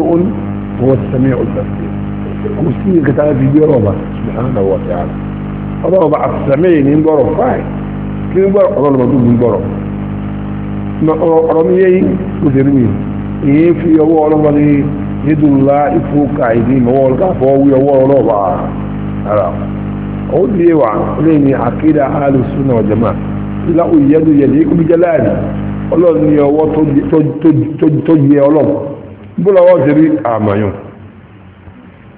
هو السميع البصير كرسي كتاب يروبا سبحانه وتعالى الله بقى السميع ينبرو فاي كين بقى الله ما دوب ينبرو ما رميي وزرمي ايه في هو الله يد الله يفوق عيدي ما هو القاف هو هو الله بقى أودي وعن لين عقيدة أهل السنة والجماعة لا يد يليق بجلاله الله يوتج تج تج تج يلوم bólọ́wọ́ ti rí àmàyàn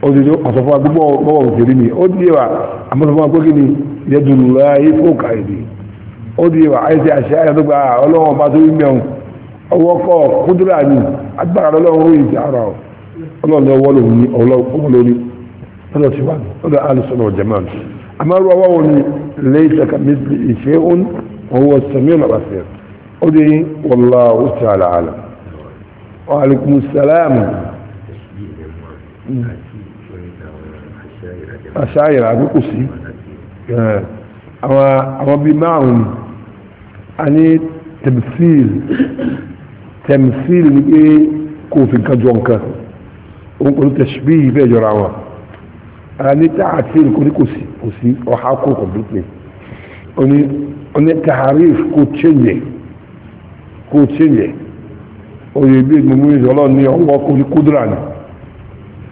òdìdó ọ̀sọ̀fún agbúgbọ́ bọ́wọ́ ti rí ni ó di wa àmọ́sọ̀fún agbókè ni yẹ́dùnú láyé fóòkà èdè ó di wa àyẹ̀sẹ̀ àṣẹ àyẹ̀dọ́gba ọlọ́wọ́n bá tó ń mẹ́un ọwọ́ kọ́ kúdúrà ni agbára ọlọ́run yìí ti ara ọlọ́run ọwọ́ lòun ní ọlọ́run lórí ọlọ́run ti wà ní ọlọ́run alùsọ̀nà ọ̀jẹ̀mọ́ àmọ́rú ọwọ́ wọn ni ليس والله تعالى عالم وعليكم السلام أشاعر أبي قصي أما بمعهم أني تمثيل تمثيل من إيه كوفي كجونكا ونقول تشبيه بيه جراوة أني تعتيل كوني قصي قصي وحاكو كمبلتني أني أني تعريف كو تشنجي oye bí mo mú ìṣọ́ ní ọwọ́ kó kúdúrà ni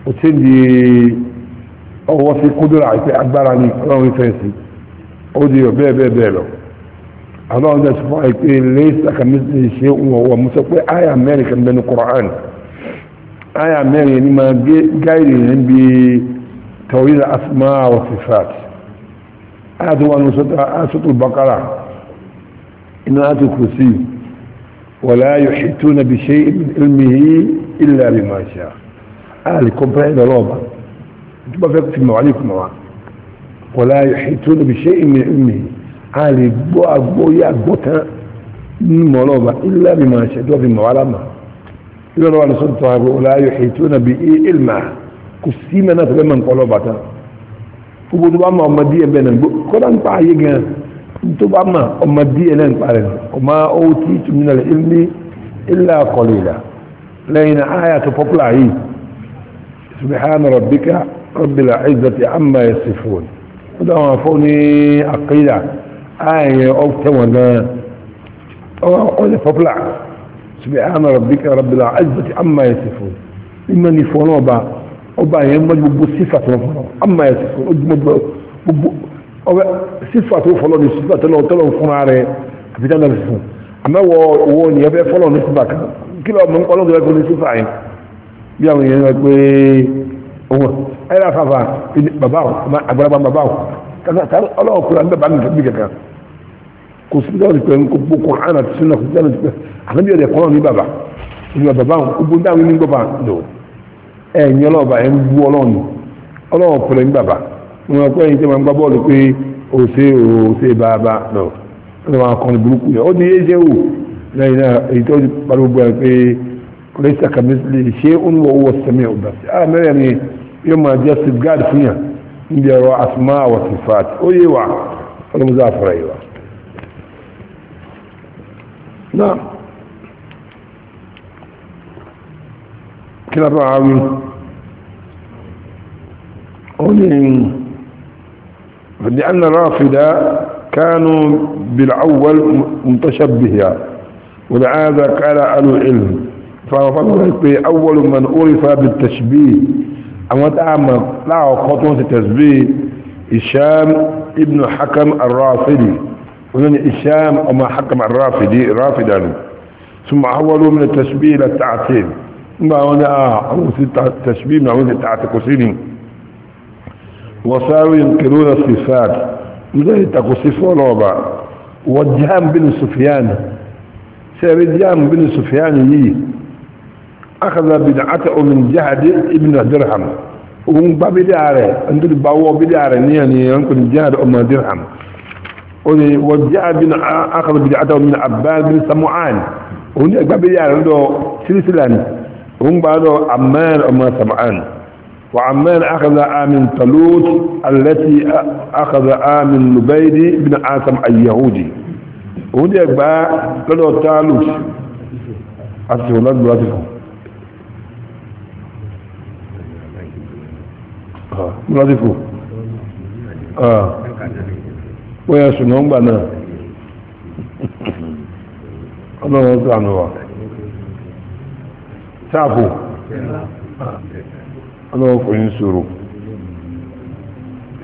ó ti di ọwọ́ sí kúdúrà àti agbára ní ọlọ́run ìfẹ́ ó di bẹ́ẹ̀ bẹ́ẹ̀ bẹ́ẹ̀ lọ ọlọ́run ṣe ń pé àyà mẹ́rin kan bẹnu àyà mẹ́rin ni máa gé gáìrì bí àyà tó wà ní sọ́tò ولا يحيطون بشيء من علمه إلا بما شاء أهل كومبرين لوبا انتم فيكم وعليكم معا ولا يحيطون بشيء من علمه أهل بوا بويا بوتا مولوبا إلا بما شاء دوا في علما إلا لو أنا صدت ولا يحيطون بعلمه كسيمنا تبمن قلوبتا وبدوا ما مديا بينهم كلان بايغان tó bá mà ọmọ díẹ̀ náà ń parẹ́ ọmọ owó tí tùmínà ilmi ilẹ̀ akọlẹ̀ ìlà lẹ́yìn àyà tó pọ́pùlà yìí subhana rabbika rabbil izzati amma yasifun ó dáwọn afọ́ ní àkídà آية يعني أوتونا أقول فبلع سبحان ربك رب العزة عما يصفون إما نفونا با أبا يمج بصفة نفونا عما يصفون ọbẹ sífà tó fọlọ ní sífà tọlọ tọlọ fúnra rẹ àti tọlọ fún àmẹwọ owó ni ẹfẹ fọlọ ní sífà kan kí lọ mọ nkọlọ tó fẹ fún ní sífà yẹn bí àwọn èèyàn pé òun ẹ yà fàfà bàbá o àgbàlagbà bàbá o kàkà ọlọ́wọ́ kura ń bẹ bá mi kẹ́kẹ́ kẹ́kẹ́ kò sí dáwọn ìpè ńkó gbókò àná ti sinna kò sí dáwọn ìpè àná bí ẹ̀rẹ̀ kọ́nà ní bàbá ìgbà bàbá o gbogbo dáwọn ní bàbá lò ẹ̀ ń yọ ọlọ́wọ́ bá ẹ̀ ń wú ọlọ́wọ́ ọlọ́wọ́ kura ń bàbá wọn kọ́ ẹ̀yìn tí wọ́n gbá bọ́ọ̀lù pé òṣè òṣè bàbá lọ wọ́n máa kọ́ni burúkú yẹn ó ní yé ṣe wò lẹ́yìn náà èyí tó parí gbọ́ ẹ pé kọ́lẹ́sà kàmísìlì ṣé ó ń wọ owó sẹ́mi ọ̀gbà sí ara mẹ́rẹ̀ ni yóò máa jẹ́ safeguard fún yàn níbi ẹ̀rọ asma wa sifat ó yé wa ọlọ́mọdé àfọ̀rọ̀ yìí wa. náà kí ló لأن الرافدة كانوا بالأول متشبهة ولهذا قال أهل العلم فأفضل أول من عرف بالتشبيه أما تعمل لا خطوة التشبيه هشام ابن حكم الرافدي ومن هشام أما حكم الرافدي رافدا ثم حولوا من التشبيه إلى التعتيم ما هنا أو التشبيه من التعتيل وصاروا ينكرون الصفات إذا تقول صفة لوبا وجهان بن سفيان سيرجان بن سفيان يي أخذ بدعته من جهد ابن درهم وهم بابي داره عند الباو بداره يعني يمكن جهد أم درهم وجاء بن أخذ بدعته من عباد بن سمعان هنا بابي داره عنده سلسلة هم بعده عمان أم سمعان وعمان أخذ آمن طلوت التي أخذ آمن لبيد بن عاصم اليهودي ودي أكبر لدو تالوت أتفه لك بلاتفه بلاتفه آه ويا سنهم بنا الله يطلع نوا تعفو ọlọ́kùnrin sọ̀rọ̀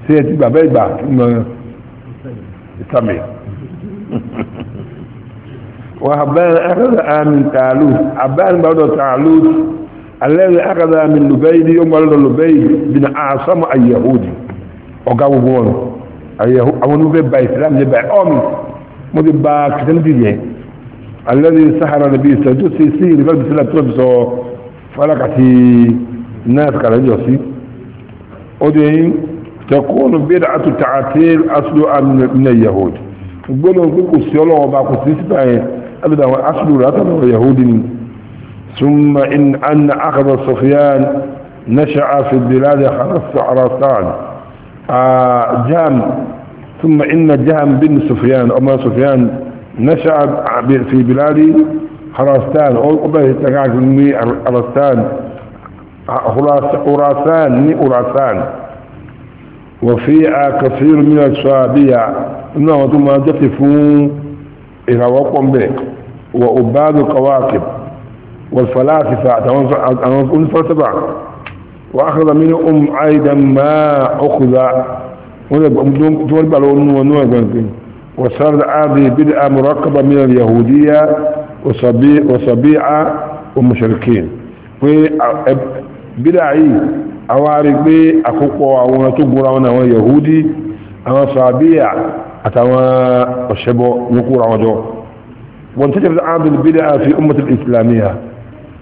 sí ẹtí bàbá ìgbà nínú ìsàmì wà àbáyé akadà àmì tààlù àbáyé gbàdọ̀ tààlù alẹ́rẹ̀ akadà àmì lùbẹ́yì ní yọmọ lọ lùbẹ́yì bìnà àsámù àyẹ̀hódì ọ̀gá gbogbo wọn àwọn onífẹ́ bá ìsìlámù ní báyìí ọ́mì mo ti ba kìtẹ́lẹ́tì yẹn alẹ́rẹ̀ sahara nàbí ìsọ̀jú sí sí ìrìbá bìsílà tó sọ fọlákàtì الناس قال يوسي ودي إيه؟ تكون بدعة التعاتيل أصل من اليهود يقولوا كيكو سيولو وباكو سيسبعي أبدا أصل راتب اليهود ثم إن أن أخذ سفيان نشأ في البلاد خلص عرصان آه، جام ثم إن جام بن سفيان أما سفيان نشأ في بلاد خرستان أو قبل تقاك من خرستان خراسان ني خراسان وفيها آه، كثير من الصحابية انهم ثم جتفون إلى وقم به وأباد الكواكب والفلاسفة وأخذ منهم أيضا ما أخذ وصار هذه بدعة مركبة من اليهودية وصبيعة ومشركين bídà yìí àwọn arí pé àkópọ̀ àwọn tó gbóra wọn àwọn yahudi àwọn sàbíyà àtàwọn ọ̀ṣẹ́bọ ní kúra wọn jọ wọn tẹ́jọ́ fi àádùn bídà fi ummatul islamiyya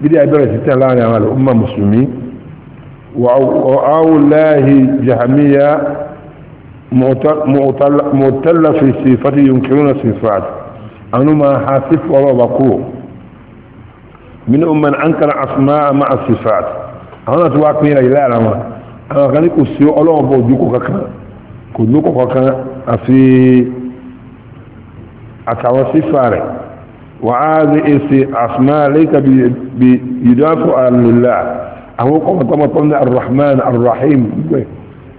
bídà bẹ̀rẹ̀ sí tẹ́ láàrin àwọn al'umma musulmi wa awulahi jahamiya mu'talla fi sifati yunkiruna sifat anu ma hasif wala bakuru min umman ankara asma'a ma'a sifat àwọn náà ti wá pín ẹ̀yìn lára wọn àwọn kan ní kò sí ọlọ́wọ́n bọ̀ ojúkò kankan kò lókò kankan àfi àtàwọn sífà rẹ̀ wà á ní èsì àsùnmá lẹ́yìnkà bí ìdáfọ̀ àlùlá àwọn kọ́mọtọ́mọtọ́ ní arrahman arrahim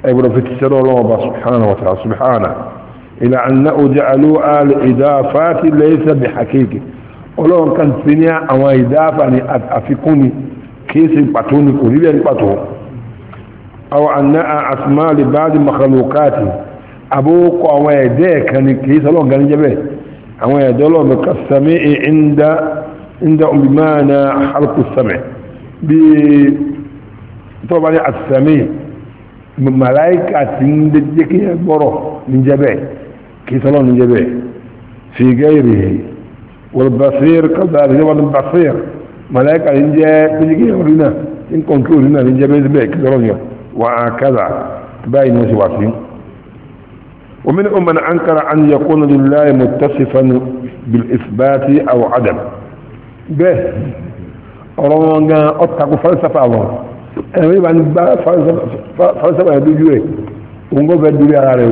ẹgbẹ̀rún fi ti sẹ́rọ̀ ọlọ́wọ́n bá subhanahu wa ta'ala subhanahu إلى أنه جعلوا آل إضافات ليس بحقيقي ولو كان سنيا أو إضافة أفقني kéèsì pàtó ní kò rí lẹ́ni pàtó àwọn àná àsìmá lè bá di makalokati abókọ àwọn ẹ̀dẹ́ ẹ̀kan ni kéèsì ọlọ́ọ̀gá ní jẹ́bẹ̀ àwọn ẹ̀dẹ́ ọlọ́ọ̀mẹ kàsàmì ìndá ìndá òmìmáàna halkù sàmẹ̀ bí tọ́ba ní àsàmì màláìkà ti ń jẹ́ kí ẹ gbọ́rọ̀ ní jẹ́bẹ̀ kéèsì ọlọ́ọ̀ ní jẹ́bẹ̀ fi gẹ́rì wọ́n bàṣír kàdàrí malaika ń jẹ́ péjìkì orí náà ń kọ̀ǹtú orí náà ń jẹ́ bẹ́ẹ̀ bẹ́ẹ̀ kí lọ́rọ̀ yàn wà á kádà báyìí ni wọ́n ṣe wà sí. ومنهم من أنكر أن يكون لله متصفا بالإثبات أو عدم به ọ̀rọ̀ gan ọ̀tàkù falsafa wọn ẹ̀rọ ìbá ní bá falsafa yẹn dójú rẹ̀ òun kò fẹ́ dúró ara rẹ̀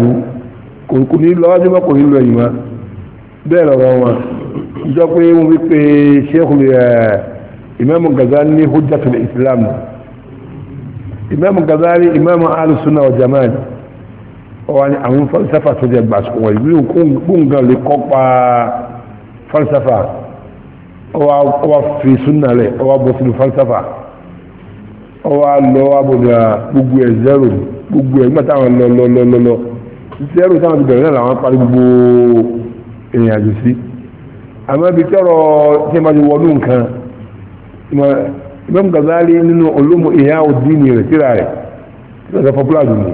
rú kò ní lọ́wọ́dé mọ́ kò ní lọ ìmọ̀ bẹ́ẹ̀ lọ́rọ̀ wọn ìjọ pé wọ́n fi pe ṣéèkù ẹ̀ imam gazali ní hujjatul islam imam gazali imam ahlus sunna wa jamaa wọ́n ní àwọn falsafa tó jẹ gbàsùkò wọ́n ìlú gbóǹgàn lè kọ́pa falsafa ọwọ́ fi súnà rẹ̀ ọwọ́ bọ́ sínú falsafa ọwọ́ lọ wà bọ̀dà gbogbo ẹ̀ zero gbogbo ẹ̀ nígbà táwọn lọ lọ lọ lọ lọ zero táwọn ti bẹ̀rẹ̀ náà làwọn parí gbogbo èèyàn àjò sí àmọ́ ibi tọ́rọ tí wọ́n ti wọnú nǹkan Imam Ghazali nínú olómo ìyá òdì ní rẹ̀ síra rẹ̀ lọ́sẹ̀ popular jù ní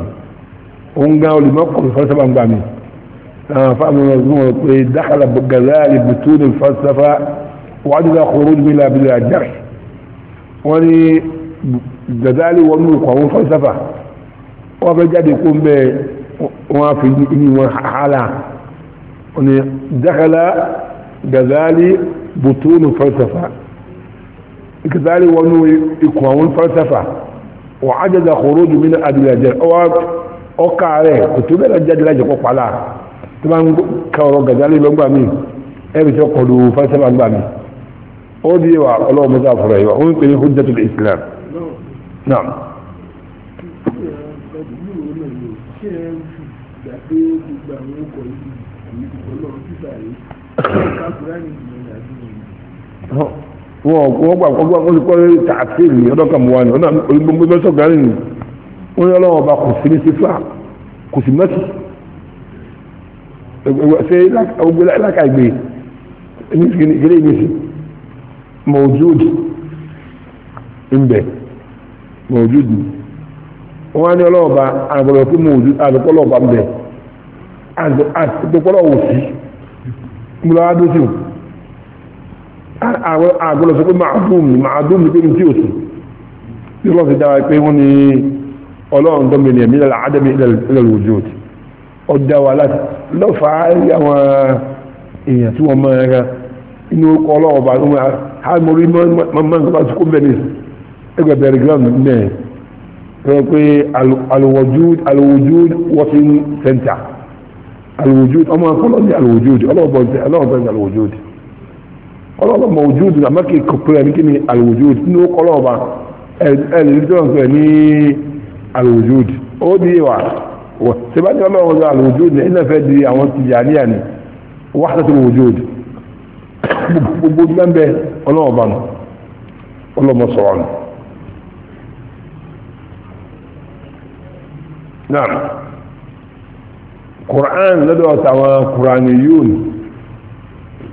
òun gan olùmọ́kọ̀ falsafa gbà mí fáwọn ọmọ rẹ̀ pé dákàlà Ghazali bùtúnì falsafa wàdúrà kòrò mi làbí làjà wọ́n ní Ghazali wọn nù kọ̀ àwọn falsafa wọ́n fẹ́ jáde kó ń fi ní wọn hàlà wọ́n ní dákàlà Ghazali bùtúnì falsafa ikizari wani ikọ̀ àwọn falsafa wa ajaza khuruju min adilajar ọkà rẹ̀ kò tó bẹ̀rẹ̀ jáde láti kọ́ pàlà tó máa ń ka ọ̀rọ̀ gàdálì lọ́gbà mi ẹ̀rì tó kọlu falsafa gbà mi ó di wa ọlọ́wọ́ mọ́tà fọ̀rọ̀ yìí wa ó ń pè ní hujjatul islam naam. Oh wọ́n gbà kọ́gbà olùkọ́ tààtìlì ọdọ́kàmùwánì olùgbòmgbò mẹ́sọ̀ gánì ni wọ́n yọ lọ́wọ́ bá kò sí ní sífà kò sí mẹ́tì ṣe gbogbo lákàgbé gẹ́gẹ́ ìgbésí mọ̀ọ́dúdì ńbẹ̀ mọ̀ọ́dúdì wọ́n á ní ọlọ́wọ́ bá àgbọ̀dọ̀ pé mọ̀ọ́dúdì àdókọ́lọ́wọ́ bá ń bẹ̀ àdókọ́lọ́wọ́ sí múlá dóṣù àgbọ̀lọ̀ sọ pé màádùm ni màádùm ni pé ní tí ò sí tí wọ́n fi dára pé wọ́n ni ọlọ́run tó mìíràn mí lára ádámì ilẹ̀ òjò tí ó dá wa láti lọ́fà àwọn èèyàn tí wọ́n máa ra inú ọkọ̀ ọlọ́run bá wọn ha mo rí mọ́mọ́ nípa tí kò bẹ̀rẹ̀ ẹgbẹ̀ bẹ̀rẹ̀ gíláàmù mẹ́rin pé pé alwujud alwujud working center alwujud ọmọ akọ́lọ́ ní alwujud ọlọ́run bọ̀ ní alwujud ọlọ́ọ̀bà mọ̀júdù àmọ́kì kòpẹ́ ẹni kí ni àlùwòjúdù nínú kọlọ́ọ̀bà ẹ̀ẹ́dẹ̀ẹ́dẹ́gbẹ̀rún ní àlùwòjúdù ó di wà sẹ́bàtì ọlọ́run sọ àlùwòjúdù ní ẹ̀fẹ́ di àwọn tìjàníyà ni wáhátà tó wòjúdù gbogbo gbẹ́mbẹ́ ọlọ́ọ̀bà nù ọlọ́mọ sọ̀rọ̀ nù. naam qur'an lọ́dọ̀ tàwọn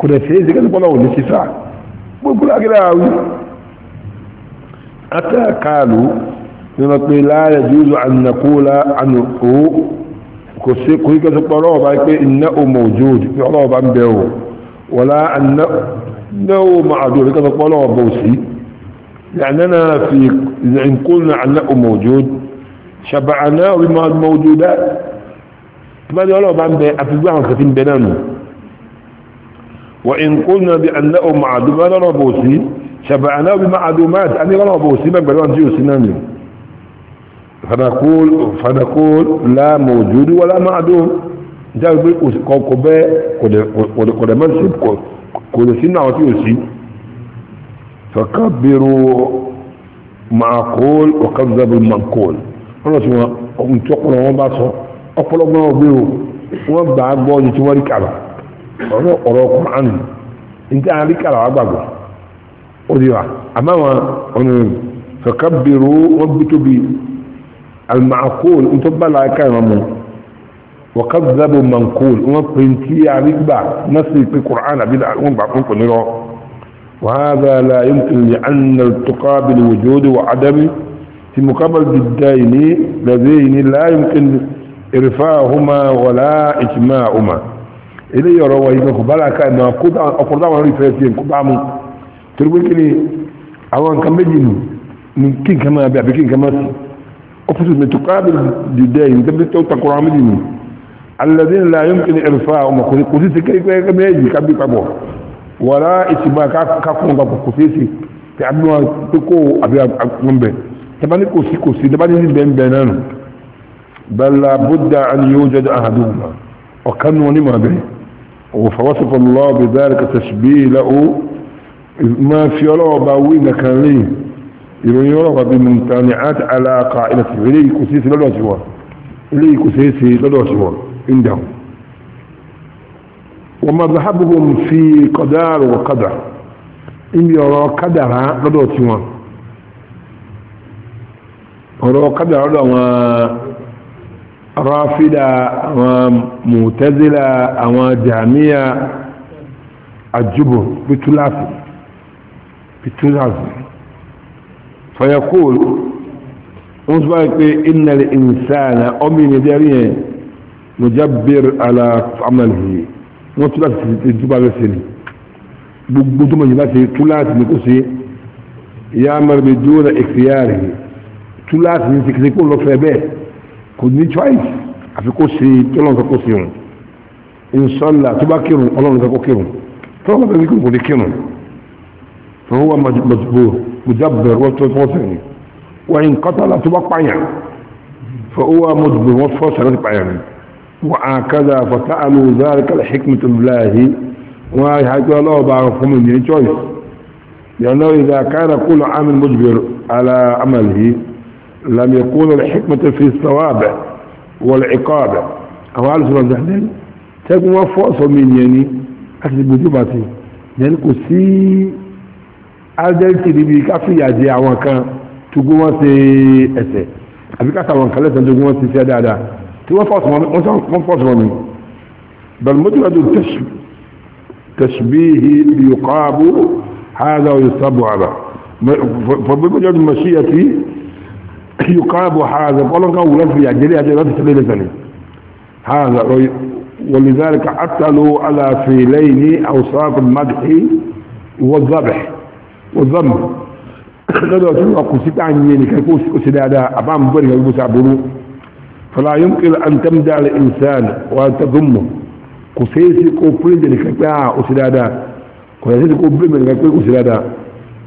kò dẹ̀ ṣe é ṣe kẹ́sìkọ́ náà ò ní ṣífà gbogbo lágbèrè àwí atẹ́ẹ̀kaalu ní wọ́n pe láàrẹ̀ jùlọ ànàkúlá ànà òwò kò sí kò sí kẹ́sìkọ́ ọlọ́wọ́ bá pé iná òmò òjòòdì pé ọlọ́wọ́ bá ń bẹ̀ wọ̀ wọ́lá àná òmò àdúrà kẹ́sìkọ́ ọlọ́wọ́ bá ò sí لأننا في إن قلنا عنه موجود شبعناه بما الموجودات ما دي ọlọ́ọ̀bá ń bẹ àfihàn àwọn kàfin bẹ náà nù وإن قلنا بأنه معدوم أنا ربوسي شبعناه بمعدومات أنا ربوسي من بلوان جيو سنانيو فنقول, فنقول لا موجود ولا معدوم جاء يقول كوكوبة قد منسب قد سنة وتيوسي فكبروا معقول وكذب المنقول ọlọ́ tí wọ́n ń tọ́kùnrin wọn bá sọ ọpọlọpọ náà gbé o wọ́n ọ̀rọ̀ ọ̀rọ̀ kùránù níta àrí kàrà wà gbàgbọ́ ó di wa àmọ́ wọn ọ̀nà fẹ̀kábìrú wọn bí tóbi almaakul nítorí bá láàká ìwọ̀n mu wọ́kàbìlábò mankul wọn pè ń tí àrí gbà náà sì pé kùránù àbí wọn gbà fún pẹ̀lú rọ وهذا لا يمكن لأن التقى بالوجود وعدمه في مقابل الدين لذين لا يمكن إرفاعهما ولا إجماعهما eléyìí ọ̀rọ̀ wọ̀nyí kan kò bá làákà ẹ̀ náà ọkùnrin táwọn rí fẹ́ẹ́ tiẹ̀ kó bá mu torí pé kí ni àwọn nǹkan méjì nù ní kí nǹkan máa bẹ àbí kí nǹkan máa sì ọ́fíìsì mi tó káàbì dìde yìí nítorí tó takọrọ àwọn méjì nù alẹ́dín la yóò kí ni ẹ̀rùfà ọmọkùnrin kò sí ti kékeré méjì kábí papọ̀ wàrà ìtìmọ̀ kákùn papọ̀ kò sí ti tí a wọn pé kó àbí àkùn bẹ̀ tẹ́bá ní kò sí kò sí tẹ́bá ní ní bẹ́ẹ̀ bẹ́ẹ̀ náà nù bẹ́ẹ̀ la bó da àni yóò jẹ́ àhàdùn ọ̀kan wọn ní màá bẹ́ẹ̀ وفوصف الله بذلك تشبيه له ما في الله باوين كان ليه يرون الله بممتنعات على قائلته إليه كسيس لدوه سوا إليه كسيس لدوه سوا عندهم ذهبهم في قدر وقدر إن يرى قدر لدوه سوا ọ̀rọ̀ قدر لدوه ráfídà àwọn mùtẹ́zílà àwọn jàmíà àjúbò pítúláàfù pítúláàfù fọyẹ́kóòl wọ́n sọ pé innal insana ọmọ ìmìdírí yẹn mujabbir ala amalihi wọ́n túláàfù ti dúbà bẹ́ẹ̀ sí ni gbogbo tó mọ̀ yìí bá ṣe túláàfù kò sí yá dúró ìfìyà rẹ̀ túláàfù ni ti kìí lọ fẹ́ bẹ́ẹ̀ kò ní choice àfi kó ṣe tọ́lọ́n sọ kó ṣe òun insọ́là tó bá kírun ọlọ́run sọ kó kírun tọ́lọ́n sọ kó kò ní kírun fún wa mọ̀jùbò mọ̀jàbẹ̀ wọ́n tó fọ́sẹ̀ ni wọ́n yìí kọ́tàlá tó bá pààyàn fún wa mọ̀jùbò wọ́n fọ́sẹ̀ láti pààyàn ni wọ́n á kádà fọ́tà àlù záàrí kálẹ̀ hikmatu láàyè wọ́n á yàgbé ọlọ́wọ́ bá fún mi ní choice yàrá ìdá kára kúlọ̀ àmì mọ̀jùbò alá àmàlì yìí لم يكون الحكمة في الثواب والعقاب أو على سبحانه وتعالى تقوى فوصل من يعني أكتب بجبعتي يعني كسي adẹ́tì níbi káfíyà jẹ àwọn kan tugun wọn ṣe ẹsẹ̀ àbí káta àwọn kan lẹ́sẹ̀ tugun wọn ṣe ṣe dáadáa tí wọ́n fọ́ọ̀sì wọn fọ́ọ̀sì wọn ni bẹ̀rùmọ́tì lọ́dún tẹ̀sibíhi yòkọ́ àbú hàdà òyìnbó sábò àbà fọ́bíbọ́jọ́ ni mọ̀ṣíyà ti يقاب هذا قالوا قالوا لا في اجل اجل لا تسلل ثاني هذا ولذلك عطلوا على في ليل اوصاف المدح والذبح والذنب قالوا شو اكو ستاني كيكو سدادا امام بري يبو فلا يمكن ان تمدع الانسان وتضمه كسيسي كو بريدي كتا اسدادا كسيسي كو بريدي كتا اسدادا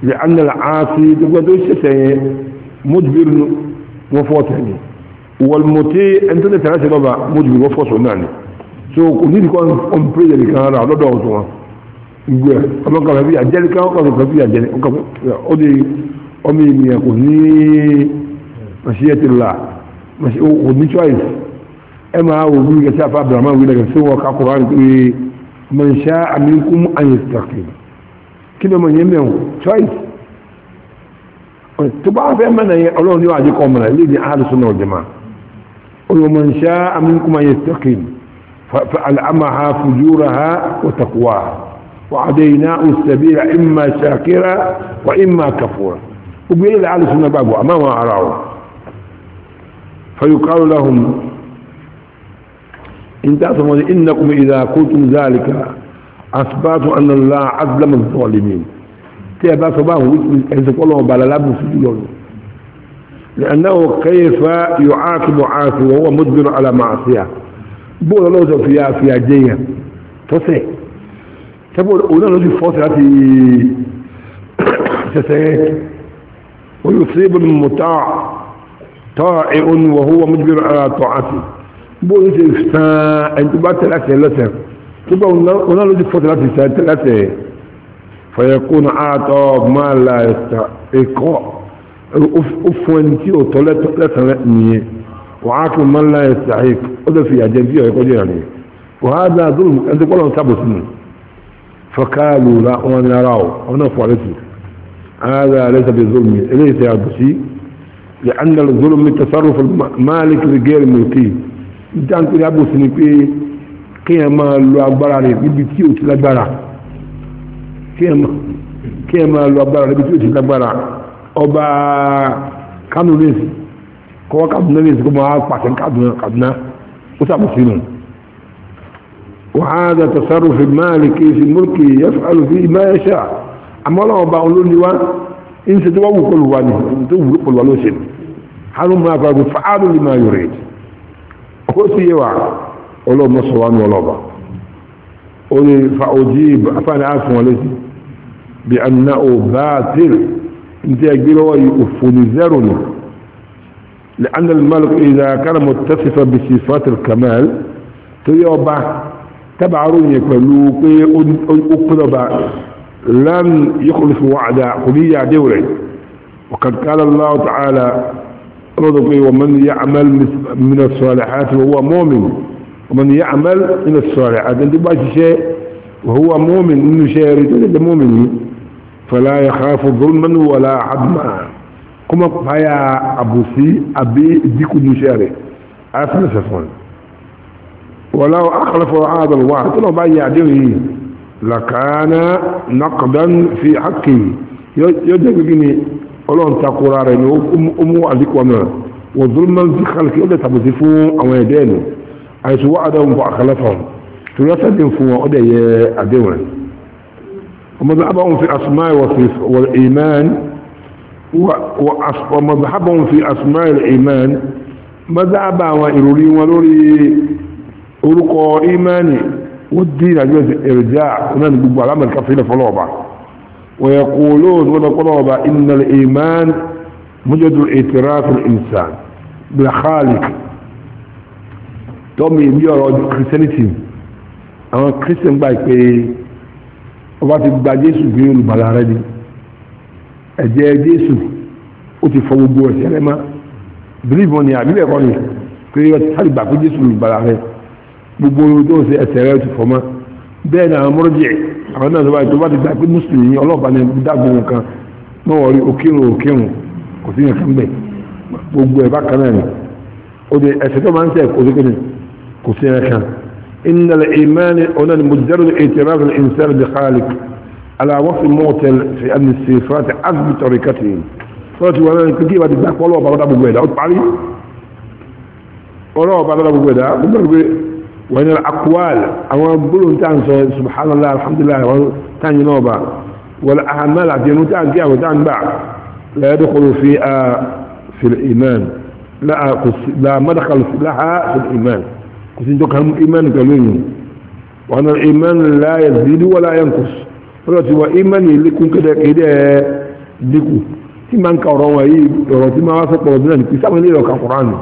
لان العاصي تقول شيء مدبر وفوت يعني والمتي انت اللي تعرف بابا مدبر وفوت يعني so kò ní ìdíkọ́ ọmọpẹ́yẹ nìkan ara lọ́dọ̀ ọ̀tọ̀ wọn ìgbẹ́ ọlọ́kà fẹ́ bí àjẹ́lì kan ọkà fẹ́ bí àjẹ́lì ó di ọmọ ènìyàn kò ní màṣíyẹ́ ti o kò ní choice ẹ máa o bí gẹ̀ẹ́sì afá abdulhamman wí lẹ́gẹ̀ẹ́sì wọn ká kọ̀ọ̀rọ̀ àti pé mọ̀nṣá àmì kún àyè tàkì kí ni ọmọ yẹn choice tó bá fẹ́ mẹ́nà yẹn ọlọ́run yóò àjẹkọ̀ mọ̀nà náà jẹ́ máa فألعمها فجورها وتقواها وعديناه السبيل إما شاكرا وإما كفورا وبيل على سنة بابو أمام أراه فيقال لهم إن تأثموا إنكم إذا كنتم ذلك أثباتوا أن الله من الظالمين tí ẹ bá sọ bá àwọn ẹ̀sìn pọ́lọ́ ọba alábùn sí jùlọ nù lẹ́nàwó kẹfà yóò áàkìbọ̀ áàkì wọ́n wọ́n mọ́tòbìnrin alamàṣíà bóòlù ọlọ́wọ́ sọ fìyà fìyà jẹyàn tọ́sẹ̀ sẹ́pọ̀ òun náà ló ti fọ́sẹ̀ láti sẹ̀sẹ̀ wọ́n yóò sẹ́bù mọ́tà tọ́ra ẹ̀hún wọ́n wọ́n mọ́tòbìnrin alatọ̀ áàkì bóòlù ti sàn ẹ̀ńtúbà tẹ̀lé àṣẹ lọ́sẹ̀ tó فيكون أعطى ما لا يستحق أفوان تي أطلت لسنة وعاقل من لا يستحق هذا في أجنبية يقول يعني وهذا ظلم أنت قول أن سبس فقالوا لا وانا راو وانا فعلته هذا ليس بظلم ليس يعبسي لأن الظلم من تصرف المالك لغير ملكي انت أنت يعبسني في قيمة لو أكبر عليه بيبتيو تلقبرها kí ẹ agbára tí ti ọba kánú rèsì kọ́wọ́ kaduna rèsì kaduna ó sàbò sínú وهذا تصرف المالك في ملكه يفعل فيه ما يشاء àmọ́ ọlọ́wọ́ bá olóni wá ń ṣe tó tó wù ló sì wa ní ó fa òjì wọn بأنه باطل انت يقولوا يفنزرني لأن الملك إذا كان متصفا بصفات الكمال تيوبا تبعرون يقولوا أقلبا لن يخلف وعدا قلية دوري وقد قال الله تعالى رضقي ومن يعمل من الصالحات وهو مؤمن ومن يعمل من الصالحات انت باشي شيء وهو مؤمن انه شيء انت مؤمن فلا يخاف ظلما ولا عدما كما فيا أبو سي أبي ديكو نشاري أفل سفون ولو أخلف هذا الوعد لو بقى يعديه لكان نقدا في حقه يجب بني ولون تقرار أمو عليك وما وظلما في خلق يقول تبذفون أو يدين حيث وعدهم فأخلفهم ثلاثة فوا أدي أديوان ومذهبهم في أسماء وفي والإيمان ومذهبهم في أسماء الإيمان مذهبا وإروري ولوري أرقى إيماني والدين عجوز إرجاع ونحن نقول على عمل كفيلة فلوبة ويقولون ونقولوا إن الإيمان مجد الاعتراف الإنسان بالخالق تومي ميورو كريستيانيتي أما كريستيان بايك ọba ti gba jésù bí olùbàlà rẹ ni ẹ̀jẹ̀ jésù ó ti fọ gbogbo ẹ̀ṣẹ̀ rẹ mọ́ bílíìfù ni àbí bẹ́ẹ̀ kọ́ ni pé ọtí gbà pé jésù olùbàlà rẹ gbogbo tó ṣe ẹ̀ṣẹ̀ rẹ ti fọ mọ́ bẹ́ẹ̀ ni àwọn mọ́rọ́jì àwọn náà tó bá tó bá ti gba pé mùsùlùmí ọlọ́ọ̀bá ni dágbọn nǹkan mọ́ wọ́n rí òkèrùn òkèrùn kò sí nǹkan bẹ́ẹ̀ gbogbo ẹ̀ bákan náà ni ó di ẹ̀ṣẹ̀ tó máa ń ṣe kò sí kò إن الإيمان هنا مجرد اعتراف الإنسان بخالق على وصف معتل في أن الصفات عزم طريقته فرأت وانا كتير بعد ذلك والله بعد أبو قيدة أتبعلي والله بعد أبو قيدة وإن الأقوال أو بلون تان سبحان الله الحمد لله تان نوبة والأعمال عدين تان جاء وتان باع لا يدخل في في الإيمان لا لا مدخل لها في الإيمان كسين إيمان قالين وأن الإيمان لا يزيد ولا ينقص فلوتي وإيمان يلكم كده كده لكم إيمان كوروا يي روتي ما واسق ربنا كيسام لي لو كقرآن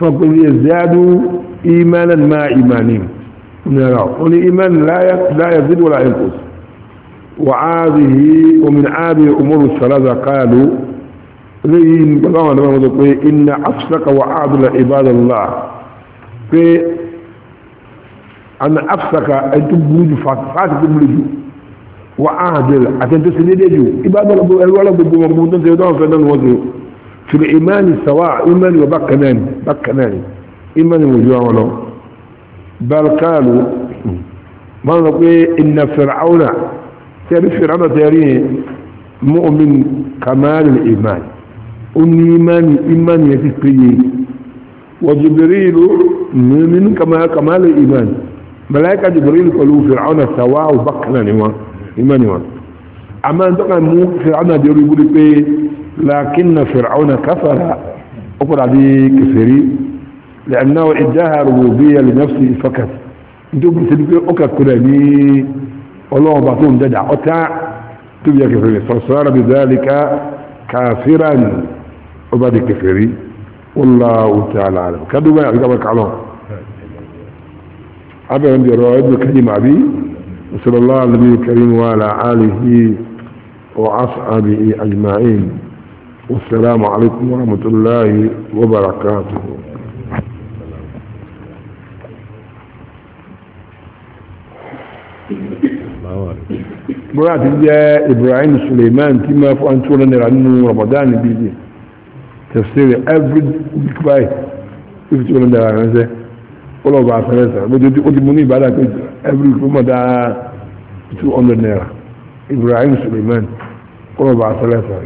فقل يزدادوا إيمانا ما إيمانهم والإيمان لا لا يزيد ولا ينقص وعاده ومن عاده أمور الثلاثة قالوا لين بلغنا لما نقول إن أفسك وعاد لعباد الله في ana afsaka ẹtú burúkú fàtí tó burúkú wà á àdìrẹ àtẹ̀tẹ̀ sí dédé jù ibà bọ̀lọ̀bọ̀ ẹ̀rọ ọlọ́gbogbo wọn gbogbo tó ń tẹ̀yọ́ dáhùn fẹ́ náà wọ́n ti tìrì ìmáàni sàwà ìmáàni wà bákanáàni bákanáàni ìmáàni wò ju àwọn lọ balkalu wọn lọ pé ìnà fìràwùnà tẹ̀rí fìràwùnà tẹ̀rí mọ́ọ̀mìn kàmáàlì ìmáàni ó ní ìmáàni ìmáàni yẹn ti péye wọ́n jìbìrì ìlú mọ́ọ̀mìn kàmáàlì ملائكة جبريل قالوا فرعون سواء وبقنا نوا إما نوا أما أن تقع مو فرعون ديرو يقول بي لكن فرعون كفر أقول عليه كفري لأنه إداها ربوبية لنفسه فقط أنتم بتسلقوا أكا كرامي الله بعطوهم ددع أتع تبيا كفري فصار بذلك كافرا وبعد كفري والله تعالى أعلم كدوا يا جبرك علوم عبر عندي رواد الكريم عبي وصلى الله على النبي الكريم وعلى آله وأصحابه أجمعين والسلام عليكم ورحمة الله وبركاته مرات جاء إبراهيم سليمان كما فأنتونا نرعنه رمضان بيدي تفسير أبد بكبائي كيف بكباي تفتونا نرعنه ọlọ́ba afẹ́rẹ́sà lójoojú ó ti mú ní ìbádà pé every kúmọ̀ dá two hundred naira Ibrahim Suleiman ọlọ́ba afẹ́rẹ́sà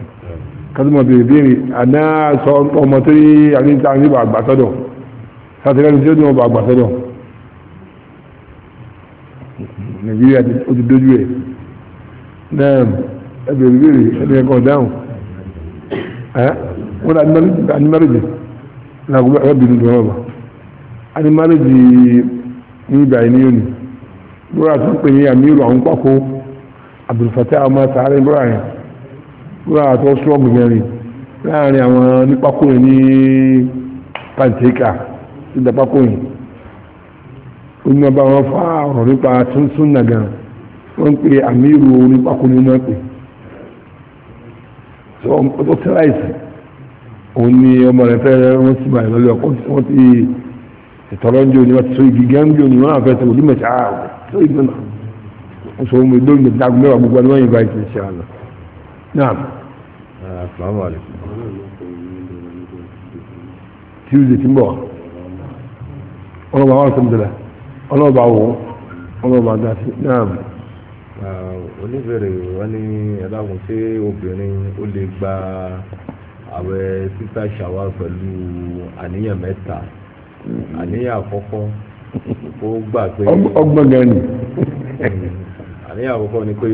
kásìmọ̀ bèrè bèrè àná sọ ọmọ tó yí àríta nígbà àgbàsọ́dọ̀ sátẹ́rẹ́ni tí ó ní ọba àgbàsọ́dọ̀ Nàìjíríà ó ti dójú ẹ̀ náà ẹ bèrè bèrè ẹni ẹ̀kọ́ dáhùn ẹ́ wọ́n dá ní mẹ́rìndínlẹ́gbẹ̀rún lọ́wọ́ a ní márèjì ní ìgbà yìí ní òní búra tó ń pè ní àwọn pákó Abdulfatah ọmọ sàárẹ̀ búra yẹn búra tó sọ́ọ̀gù mẹ́rin láàrin àwọn nípákó yẹn ní yẹn wọn fa ọ̀rọ̀ nípa tuntun nàgàn wọ́n ń pè ní wọ́n pè tẹ́láìsì òun ni ọmọ fẹ́ wọ́n ti bàyẹ̀ lọ́lẹ́ ọkọ̀ wọ́n ti ìtọ́lọ́njọ́ ni wọ́n ti so igi gẹ́ńjọ́ ni wọ́n àfẹ́ sọ̀rọ̀ onímọ̀ ṣáà so igi náà wọ́n sọ ohun ìdó ìdó ìdáàbò mẹ́wàá gbogbo ni wọ́n yìnbọn ìṣe ṣe àná. tuesday ti ń bọ̀ ọlọ́ba wa sọ mọ́tẹ́lẹ̀ ọlọ́ba wo ọlọ́ba dá sí náà. Uh, oníbèrè wọn ní ẹ̀dáhùn ṣé obìnrin ó lè gba àwẹ̀ títà ṣàwá pẹ̀lú àníyàn mẹ́ta àníyàn àkọ́kọ́ kó gbà pé. ọgbọ́n gan ni. àníyàn àkọ́kọ́ ni pé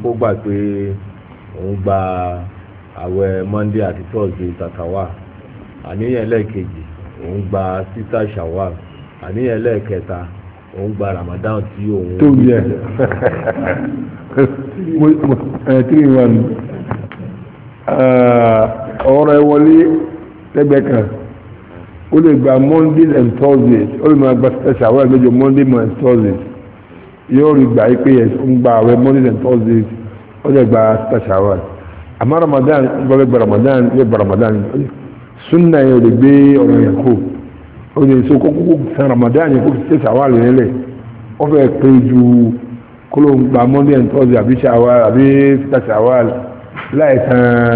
kó gbà pé òun gba àwẹ̀ monday àti thursday tàtàwà àníyàn ẹlẹ́ẹ̀kejì òun gba sita shawal àníyàn ẹlẹ́ẹ̀kẹta òun gba ramadan tí òun. tó yẹ ẹ three one ọ̀rọ̀ ẹ wọlé lẹ́gbẹ̀ẹ́ kan ó lè gba mondays and thursdays o lè máa gba special àwọn ẹ̀mẹ́jọ mondays and thursdays yóò rí gbà pé ó ń gba àwẹ̀ mondays and thursdays ó lè gba special àwọn àmọ́ ramadan gbọ́dọ̀ gba ramadan yóò gba ramadan sunna yẹn o lè gbé ọ̀rọ̀ yẹn kó ó lè so kókó kó san ramadan yẹn kó fi ṣe sàwọn àlè nílẹ̀ ó fẹ́ pé ju kó ló ń gba mondays and thursdays àbí sàwọn àbí special àwọn láì san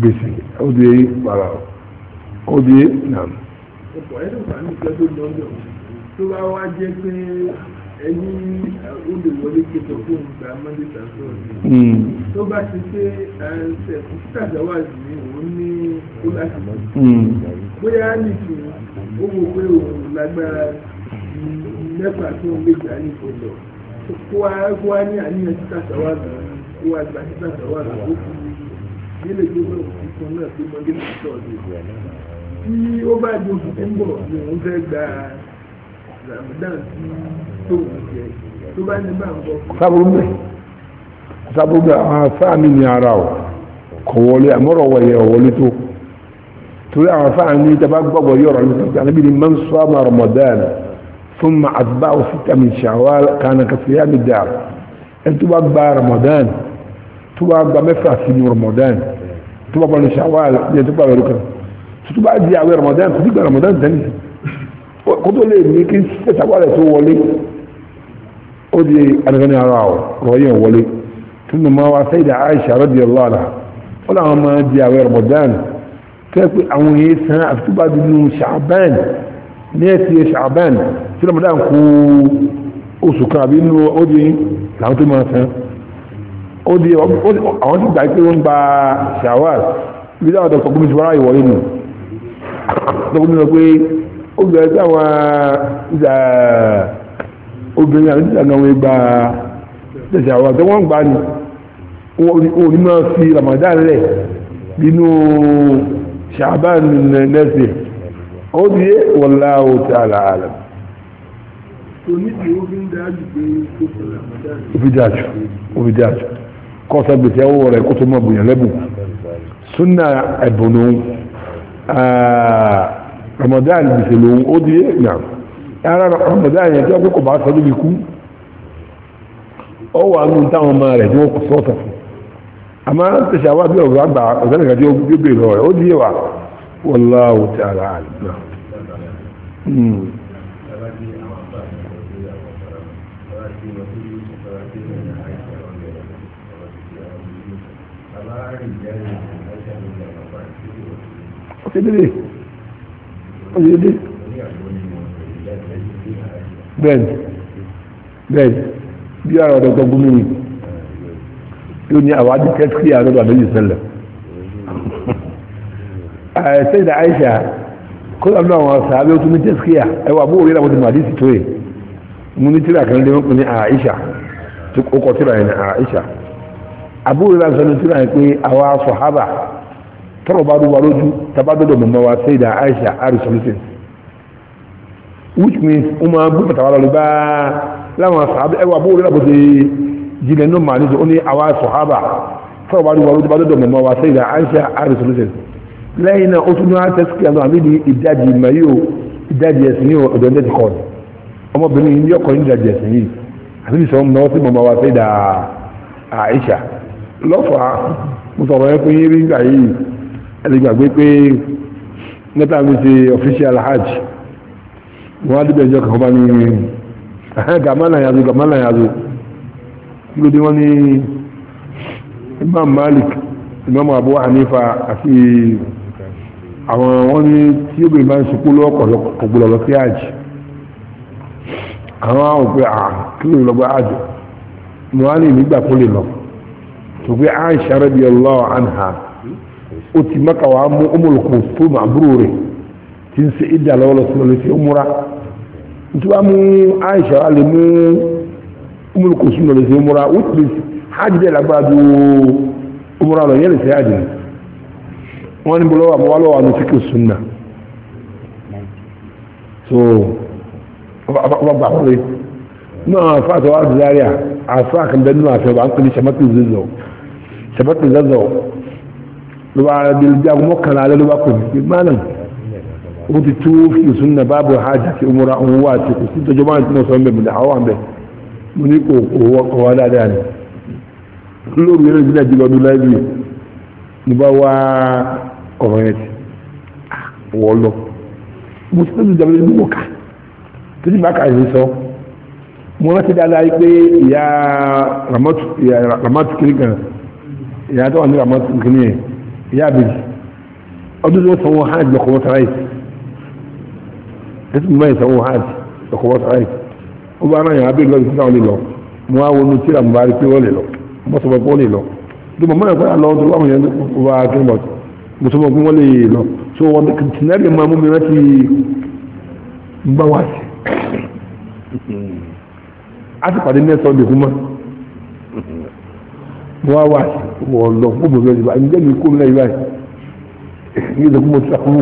gbèsè ó lè wàrà o ó di nàm. ọ̀pọ̀ ẹ̀rọ fàánù jẹ́ tó lọ́dọ̀ tó bá wá jẹ́ pé ẹni olùwọlé kẹtọ̀ fún ìgbà mọ́lẹ̀ tàbí ọ̀dọ́ tó bá ti pé ẹsẹ̀ tàjáwájú ni òun ní kó láti mọ́ hmm. bóyá nìkú ó wò pé òun lágbára mẹ́fà tó ń lè gbà ní ìfọ̀dọ̀ kó wá ní àníyàn títàjáwájú kó wá gbà títàjáwájú ó kù nílé gbogbo ìtàn náà tí mọ́lẹ́ ní ìtọ́jú tí ó bá di oṣù tó ń bọ̀ ni òun fẹ́ gba Ramadan tí tóun jẹ tó bá ní bá ń bọ̀. sábúrú bẹ̀ sábúrú bẹ̀ àwọn fáàmì ní ara ọ̀ kò wọlé àmọ́rọ̀ wọ̀nyẹ wọlé tó torí àwọn fáàmì tẹ́ bá gbọ́gbọ́ yọ̀rọ̀ ní sọ́kà níbi ni man sama Ramadan thumma atba'ahu sitta min Shawwal kana kasiyami dar ẹni tó bá gba Ramadan tó bá gba mẹ́fà sí ní Ramadan tó bá bọ́lẹ̀ Shawwal yẹn tó bá bẹ̀rù kan tó bá di àwẹ̀ Ramadan kò sí gba Ramadan tẹ́lẹ̀ kó tó lè ní kí Shawwal tó wọlé ó di anagbani ara ọ̀rọ̀ yẹn wọlé tó nù máa wá Sayyida Aisha radiyallahu anha ó làwọn máa di àwẹ̀ Ramadan tẹ́ pé àwọn san àfi tó bá di nù Sha'ban ní ẹ̀sì Sha'ban tí Ramadan kú oṣù kan àbí nù ó di làwọn tó máa san ó di àwọn tí gbà pé wọ́n gba shawar ibi táwọn dr gómìnà ṣùgbọ́n ráyè wọlé nù gómìnà pé ó bẹ̀rẹ̀ táwọn obìnrin àti ìlànà wọn gba shawar tó wọ́n gbà ní òní máa fi ramadan lẹ̀ nínú sha'ban nẹ́sẹ̀ ó di wallahu ta'ala alam onídìí ó fi ń dájú pé ó fi dájú ó fi dájú kọ́sẹ̀ gbèsè ọwọ́ rẹ̀ kó ma mọ̀ bùyàn lẹ́bùn súnà ẹ̀bùnú Ramadan gbèsè lòun na di nà ara Ramadan yẹn tí wọ́n kò bá sọ níbi kú ọ wà nù táwọn ọmọ rẹ̀ tí wọ́n kò sọ́ọ̀tà fún àmọ́ tẹ̀sẹ̀ àwọn àbí ọ̀rọ̀ tí wa wallahu ta'ala alim hmm. ṣedédé ṣedédé bẹ́ẹ̀ni bẹ́ẹ̀ni bí ara ọ̀dọ̀ tó gúnmí ni yóò ní àwọn adìkẹ́ sí àrọ́dọ̀ àbẹ́jì sẹ́lẹ̀ àìsẹ́ ìdá àìsà kó lọ́nà àwọn sàábẹ́ tó ní tẹ́síkíyà ẹwà bó orí àwọn ìmàdí sì tó yẹ mú ní tíra kan lé ní àìsà tó kọ́ tíra yẹn àìsà àbúrò ìlànà sọ ní tíra yẹn pé àwọn sọ̀hábà tọ́rọ̀ bá rúwa lójú tabadọ́dọ̀ mọ̀mọ́ wa sayida aisha ari solution which means ó máa gbé pàtàkì lọ bá láwọn sàábà ẹwà bó rí làbọ̀ sí jìnlẹ̀ ní màá nítorí ó ní àwa sọ̀hábà tọ́rọ̀ bá rúwa lójú tabadọ́dọ̀ mọ̀mọ́ wa sayida aisha ari solution lẹ́yìn náà ó tún ní wá tẹ́síkì àná àbí ní ìdajì mayo ìdajì ẹ̀sìn ní ọ̀dọ̀ ẹ̀dẹ́ ti kọ́ ọmọbìnrin yìí ọkọ̀ ní ìdajì ẹ̀sìn yìí àbí ní sọ́mu náà ó sì mọ̀mọ́ wa sayida aisha lọ́fà mo sọ̀rọ̀ ẹ ẹlẹgbàgbé pé nípa mi ti official hajj wọn á dìbẹ̀ ìjọ kankan bá ní gàmánà yàtọ̀ gàmánà yàtọ̀ kí wọn ní imam malik imam abu hanifa àti àwọn wọn ní tí obìnrin bá ń sopó lọ́kọ̀ọ́kọ̀ gbọ́dọ̀ lọ sí hajj àwọn àwọn òpin àkílò lọ́gbà hajj wọn á ní ìgbà kó lè lọ tó pé aisha radiyallahu anha ó ti mẹ́ka wàá mú abụrụ fún àbúrò rẹ̀ tí ń ṣe ìdá lọ́wọ́ lọ sílẹ̀ lọ́sẹ̀ ọmúra tí Aisha wàá lè mú ọmọlùkù fún lọ́wọ́ lọ́sẹ̀ ọmúra ó ti hajj bẹ́ẹ̀ lágbára ju ọmúra lọ yẹ́n ló bá ara délé jágun mọ́kànlá alẹ́ ló bá pè mí pé mánà ó ti tú fìlù sún náà báàbò hajj àti umra òun wà àti kò sí tọjọ́ báyìí tí mo sọ ń bẹ̀ mọ̀lẹ́ àwọn àbẹ̀ mo ní kò kò wá dáadáa ni lóru yẹn lóbi náà jí lọ́dún láìbì mo bá wá ọ̀rọ̀ yẹn ti ah, wọ́ lọ mo sì tẹ́lẹ̀ ìjàmbá ní mọ̀ká ti bá kà ní sọ mo rántí dáadáa ramatu kiri kan ìyá tó wà ramatu kiri yẹn ìyá àbèjì ọdún ló sanwó hajj lọ́kọ̀ wọ́n tàráì ẹ̀sìn mọ́ ìsanwó hajj lọ́kọ̀ wọ́n tàráì ó bá ara yàn abẹ́ lọ́dún tó lọ wa wa wọ́n lọ fún bòbí ba báyìí nígbàgbé kó na báyìí ní ìdọ̀kún mo ti sàkún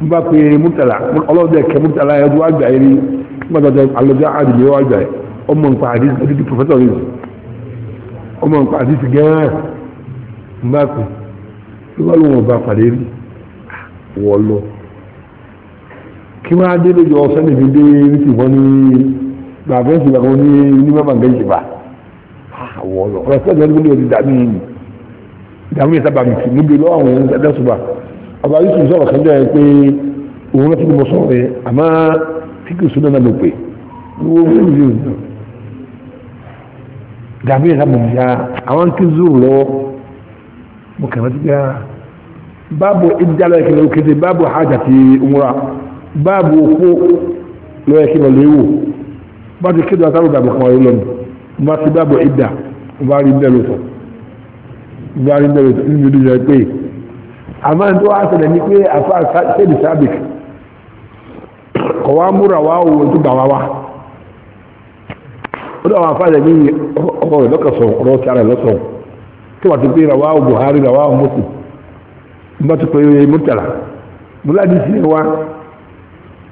n bá pe mútàlá ọlọ́dẹ kẹ mútàlá yẹn tó wá gbà yẹn da gbàdọ̀dọ̀ alọ́dẹ àdìyẹ wá gbà yẹn ọmọ nǹkan àdìsí àdìsí pòfẹ́tọ̀ rẹ̀ ọmọ nǹkan àdìsí ti àwọ̀ ah, lọ ọ̀rọ̀ sí ọ̀dọ́ nígbà tí dàmí yìí dàmí yìí sábà mi fi níbi lọ́wọ́ àwọn èèyàn ẹ̀dá ṣùgbọ́n ọba yìí sùn sọ̀rọ̀ kanjọ́ yẹn pé òun rántí ni mo sọ̀rọ̀ yẹn àmọ́ fíkì sùn náà ló pè dàmí yìí sábà mi ya àwọn kí zuru lọ́wọ́ mo kàn rántí pé báàbò ìdálọ́ ìkìlẹ̀ òkèdè báàbò hajj àti umra báàbò òkú lọ́yẹ̀kí bá babu dábọ̀ ìdà bá rí bẹ́ẹ̀ lóṣọ̀ bá rí bẹ́ẹ̀ lóṣọ̀ nínú ìdíjọ pé àmọ́ tó wá ṣẹlẹ̀ ní pé àfa ṣéèdì sábìk kọ̀ wá múra wá owó tó gbà wá wá ó dáwọn Buhari ra wa Musu mọ́tò bá ti pé mọ́tàlá múláàdì wa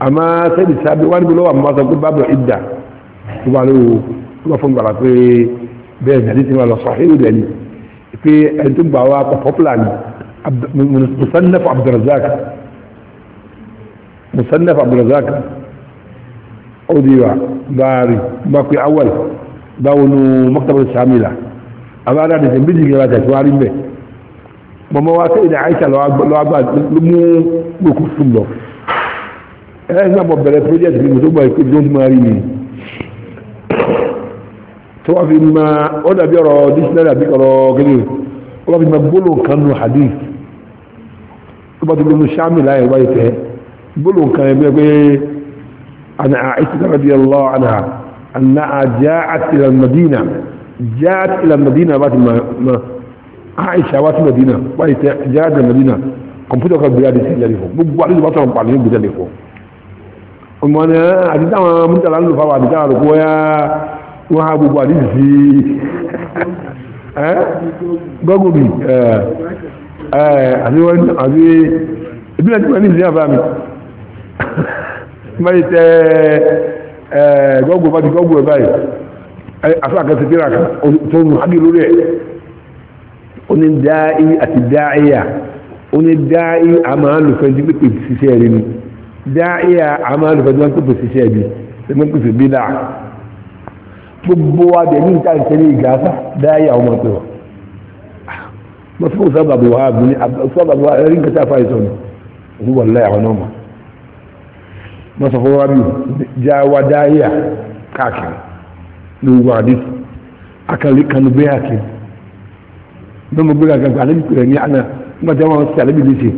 àmọ́ ṣéèdì sábìk wá níbi lọ́wọ́ àmọ́ tó bá fún gbàgbà pé bẹ́ẹ̀ ní àdìsí wa lọ sọ̀hìn rẹ̀ ni pé ẹni tó gbà wá pọ̀pọ̀pọ̀là ni musannaf abdulrazak musannaf abdulrazak ó di wa báàrí bá pé awal báwo nu maktabar shamila abáàdá àdìsí méjì gẹ̀rẹ́ àtẹ̀síwárí mbẹ́ mọ̀mọ́ wa sẹ́yìn àìsà lọ́wọ́ mú gbòkú sùn lọ ẹ̀ẹ́dẹ́gbà mọ̀ bẹ̀rẹ̀ project bí mo tó gbà ìpè don't marry me tó wá fi ma ó dàbí ọ̀rọ̀ dísínẹ́rì àbí ọ̀rọ̀ kéde ó wá fi ma gbólóhùn kan nù hadith tó bá ti lóun sáàmì láyé wáyé tẹ́ gbólóhùn kan yẹn bẹ́ẹ̀ pé àná àìsíkà radiyallahu anha àná àjá àti ìlànà Madina جاءت الى المدينة بات ما, ما عائشة بات المدينة بات جاءت الى المدينة كمبيوتر كان بلاد تليفون بقوا عليه بطل بعدين بتليفون أما أنا أجد أنا من تلان لفوا بتاع ركويا wọ́n ha gbogbo àdíjì sí gọ́gùnbì àti ìbílẹ̀ tí wọ́n ní ìsìn àbámi mẹ́rin tẹ́ gọ́gùn bá ti gọ́gùn ẹ̀ báyìí afáàkẹ́ ti tíra kan tó ń hagi lórí ẹ̀ oní dáì àti dáìyà oní dáì àmàlùfẹ́ ti pípè ṣiṣẹ́ rí ni dáìyà àmàlùfẹ́ ti pípè ṣiṣẹ́ rí ni ṣe mọ́ pípè bí dáà gbogbo adẹ̀ní ìta ìtẹ̀lé ìgáta dáyà ọmọ tó mọ́ fún sábàbí wà ní sábàbí wà rí nǹkan tàfà ìsọ̀nà òun wà láyà ọ̀nà ọmọ mọ́ sọ fún wábí jáwá dáyà káàkiri ní ogun àdí akẹ́lẹ́ kanú bẹ́ àkí ní mo gbéra gbàgbà alẹ́bí pèrè ní àná nígbà tí wọ́n sí ya kaki lè ṣe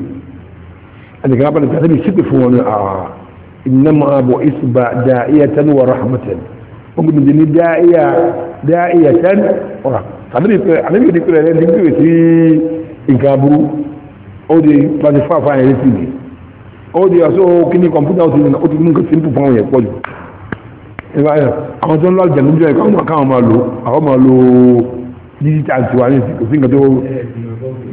ẹnìkan bá lè ṣe alẹ́bí sípè fún wọn ní àà ìnáma àbọ̀ ìsùbà dáyà tẹ́lú wà rahmatan ogun nìjẹ ní dáìyà tẹ́n ọ̀rà tàbí ní pẹ̀lú ẹ̀rẹ́ ní pẹ̀lú sí nǹkan aburú ó di pàṣẹ fáfá ẹ̀rẹ́ sí ni ó di ọ̀ṣọ́ kí ní kọ̀mpútà ó ti nà ó ti mú nǹkan simple fún àwọn yẹn pọ̀ jù àwọn tó ń lọ àjẹ̀lú jọ ìkọ́ àwọn máa lò àwọn máa lò digital tiwa ní kò sí nǹkan